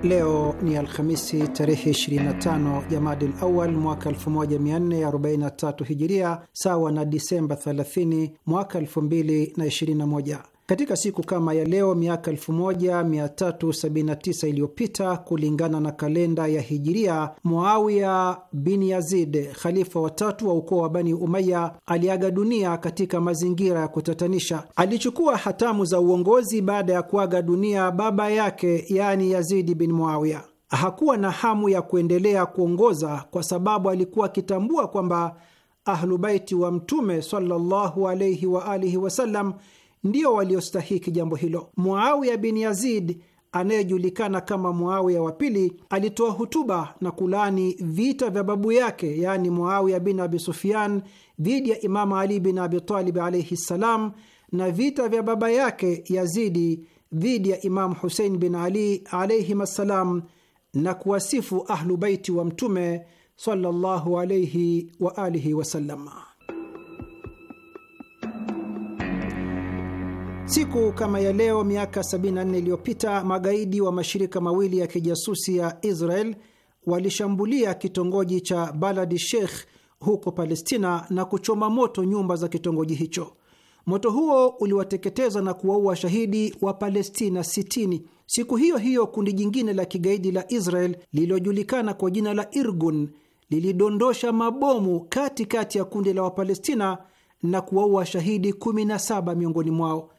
Leo ni Alhamisi tarehe 25 Jamadil Awal mwaka 1443 Hijiria, sawa na Disemba 30 mwaka 2021. Katika siku kama ya leo miaka 1379 iliyopita kulingana na kalenda ya Hijiria, Muawiya bin Yazid, khalifa watatu wa ukoo wa Bani Umaya, aliaga dunia katika mazingira ya kutatanisha. Alichukua hatamu za uongozi baada ya kuaga dunia baba yake, yaani Yazidi bin Muawiya. Hakuwa na hamu ya kuendelea kuongoza kwa sababu alikuwa akitambua kwamba Ahlubaiti wa Mtume sallallahu alaihi waalihi wasallam ndio waliostahiki jambo hilo. Muawiya bin Yazid anayejulikana kama Muawiya wa pili alitoa hutuba na kulaani vita vya babu yake, yaani Muawiya bin Abi Sufyan dhidi ya Imamu Ali bin Abi Talib alaihi ssalam, na vita vya baba yake Yazidi dhidi ya Imamu Husein bin Ali alaihim assalam, na kuwasifu Ahlu Baiti wa Mtume sallallahu alaihi wa alihi wasallam. Siku kama ya leo miaka 74 iliyopita magaidi wa mashirika mawili ya kijasusi ya Israel walishambulia kitongoji cha Baladi Sheikh huko Palestina na kuchoma moto nyumba za kitongoji hicho. Moto huo uliwateketeza na kuwaua shahidi wa Palestina 60. Siku hiyo hiyo kundi jingine la kigaidi la Israel lililojulikana kwa jina la Irgun lilidondosha mabomu katikati kati ya kundi la Wapalestina na kuwaua shahidi 17 miongoni mwao.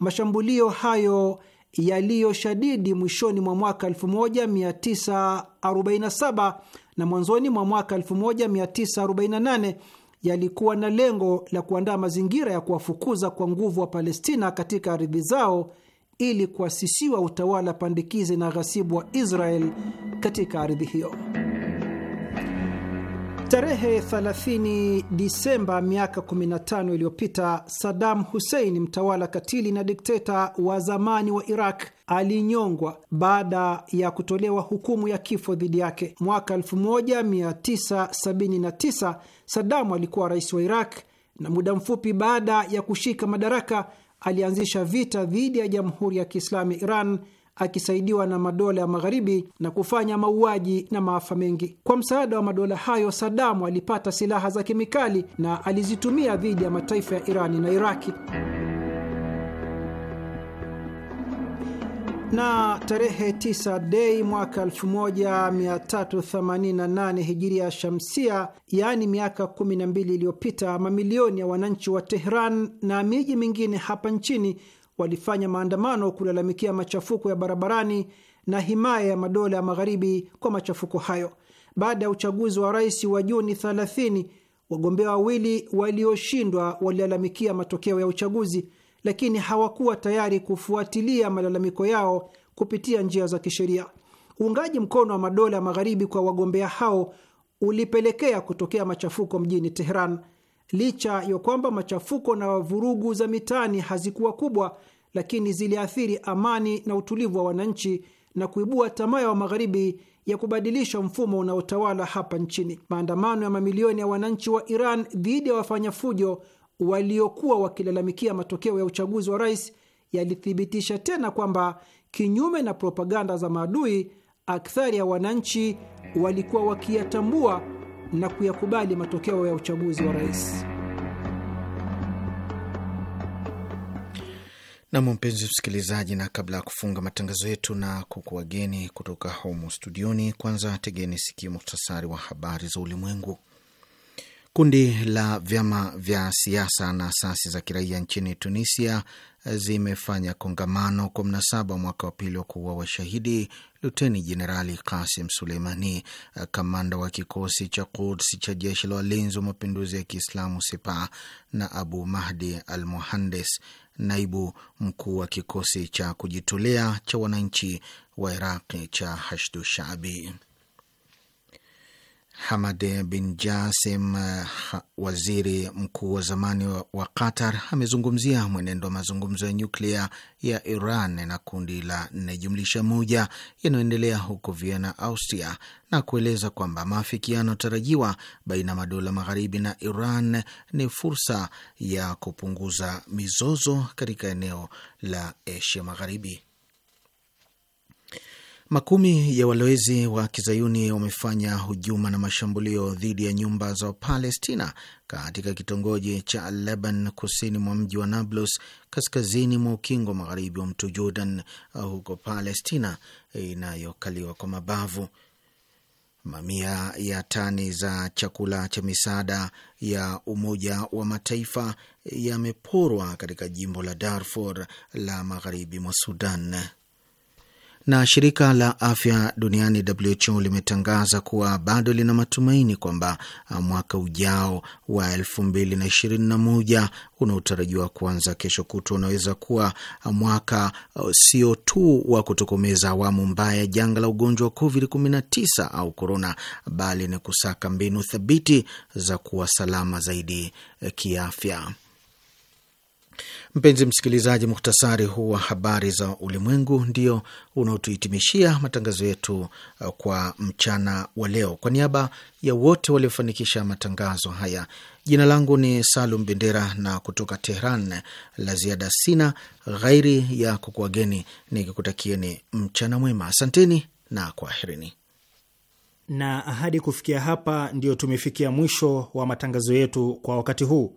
Mashambulio hayo yaliyoshadidi mwishoni mwa mwaka 1947 na mwanzoni mwa mwaka 1948 yalikuwa na lengo la kuandaa mazingira ya kuwafukuza kwa nguvu wa Palestina katika ardhi zao ili kuasisiwa utawala pandikizi na ghasibu wa Israel katika ardhi hiyo. Tarehe 30 Disemba miaka 15 iliyopita, Saddam Hussein, mtawala katili na dikteta wa zamani wa Iraq, alinyongwa baada ya kutolewa hukumu ya kifo dhidi yake. Mwaka 1979 Saddam alikuwa rais wa Iraq na muda mfupi baada ya kushika madaraka alianzisha vita dhidi ya Jamhuri ya Kiislamu ya Iran akisaidiwa na madola ya Magharibi na kufanya mauaji na maafa mengi. Kwa msaada wa madola hayo, Sadamu alipata silaha za kemikali na alizitumia dhidi ya mataifa ya Irani na Iraki. na tarehe 9 Dei mwaka 1388 hijiria shamsia, yaani miaka 12 iliyopita, mamilioni ya wananchi wa Tehran na miji mingine hapa nchini walifanya maandamano kulalamikia machafuko ya barabarani na himaya ya madola ya magharibi kwa machafuko hayo. Baada ya uchaguzi wa rais wa Juni 30, wagombea wawili walioshindwa walilalamikia matokeo ya uchaguzi, lakini hawakuwa tayari kufuatilia malalamiko yao kupitia njia za kisheria. Uungaji mkono wa madola ya magharibi kwa wagombea hao ulipelekea kutokea machafuko mjini Teheran. Licha ya kwamba machafuko na vurugu za mitaani hazikuwa kubwa, lakini ziliathiri amani na utulivu wa wananchi na kuibua tamaa ya wa magharibi ya kubadilisha mfumo unaotawala hapa nchini. Maandamano ya mamilioni ya wananchi wa Iran dhidi ya wafanya fujo waliokuwa wakilalamikia matokeo ya uchaguzi wa rais yalithibitisha tena kwamba kinyume na propaganda za maadui, akthari ya wananchi walikuwa wakiyatambua na kuyakubali matokeo ya uchaguzi wa rais. Nam, mpenzi msikilizaji, na kabla ya kufunga matangazo yetu na kukuwageni kutoka homo studioni, kwanza tegeni sikio muhtasari wa habari za ulimwengu. Kundi la vyama vya siasa na asasi za kiraia nchini Tunisia zimefanya kongamano kwa mnasaba mwaka wa pili wa kuua washahidi Luteni Jenerali Kasim Suleimani, kamanda wa kikosi cha Quds cha jeshi la walinzi wa mapinduzi ya Kiislamu Sepah, na Abu Mahdi Al Muhandes, naibu mkuu wa kikosi cha kujitolea cha wananchi wa Iraqi cha Hashdu Shaabi. Hamad bin Jasim, eh, waziri mkuu wa zamani wa Qatar, amezungumzia mwenendo wa mazungumzo ya nyuklia ya Iran na kundi la nne jumlisha moja yanayoendelea huko Vienna, Austria, na kueleza kwamba maafikiano tarajiwa baina ya madola magharibi na Iran ni fursa ya kupunguza mizozo katika eneo la Asia Magharibi. Makumi ya walowezi wa kizayuni wamefanya hujuma na mashambulio dhidi ya nyumba za Wapalestina katika kitongoji cha leban kusini mwa mji wa Nablus kaskazini mwa ukingo magharibi wa mto Jordan uh, huko Palestina inayokaliwa kwa mabavu. Mamia ya tani za chakula cha misaada ya Umoja wa Mataifa yameporwa katika jimbo la Darfur la magharibi mwa Sudan. Na shirika la afya duniani WHO limetangaza kuwa bado lina matumaini kwamba mwaka ujao wa moja unaotarajiwa kuanza kesho kutwa unaweza kuwa mwaka uh, sio tu wa kutokomeza awamu mbaya ya janga la ugonjwa wa COVID-19 au korona, bali ni kusaka mbinu thabiti za kuwa salama zaidi eh, kiafya. Mpenzi msikilizaji, muhtasari huu wa habari za ulimwengu ndio unaotuhitimishia matangazo yetu uh, kwa mchana wa leo. Kwa niaba ya wote waliofanikisha matangazo haya, jina langu ni Salum Bendera na kutoka Tehran la ziada sina, ghairi ya kukuageni nikikutakieni mchana mwema. Asanteni na kwaherini na ahadi. Kufikia hapa, ndio tumefikia mwisho wa matangazo yetu kwa wakati huu.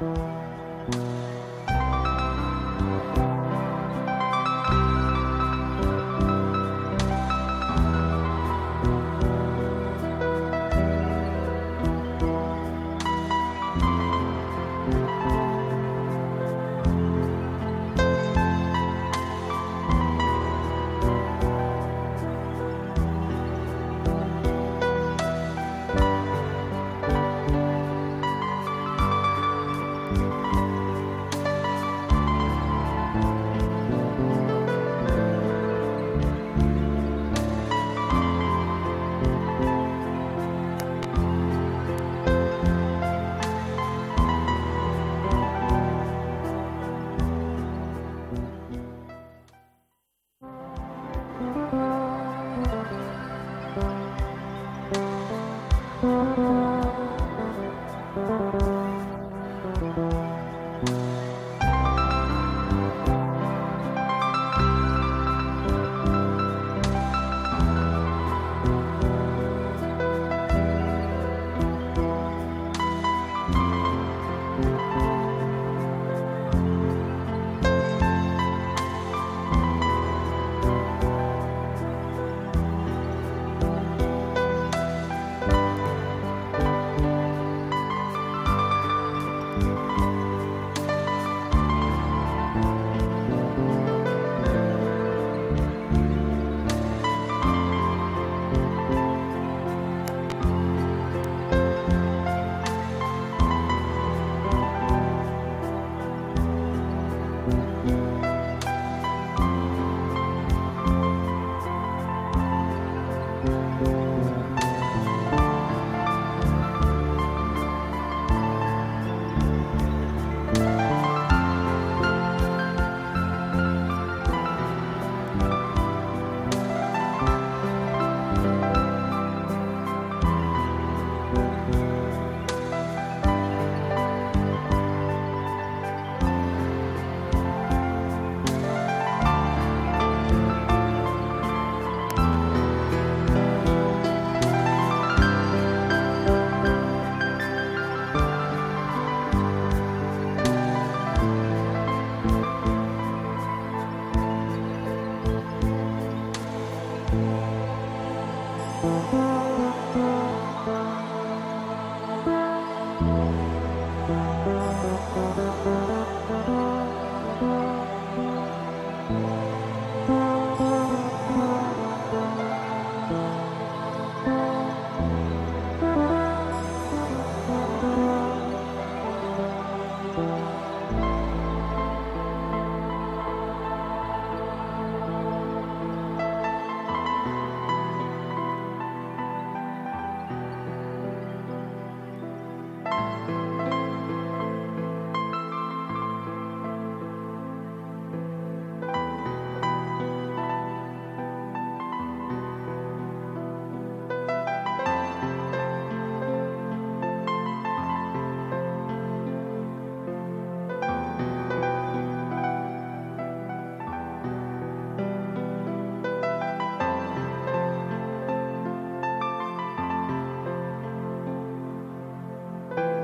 Bye.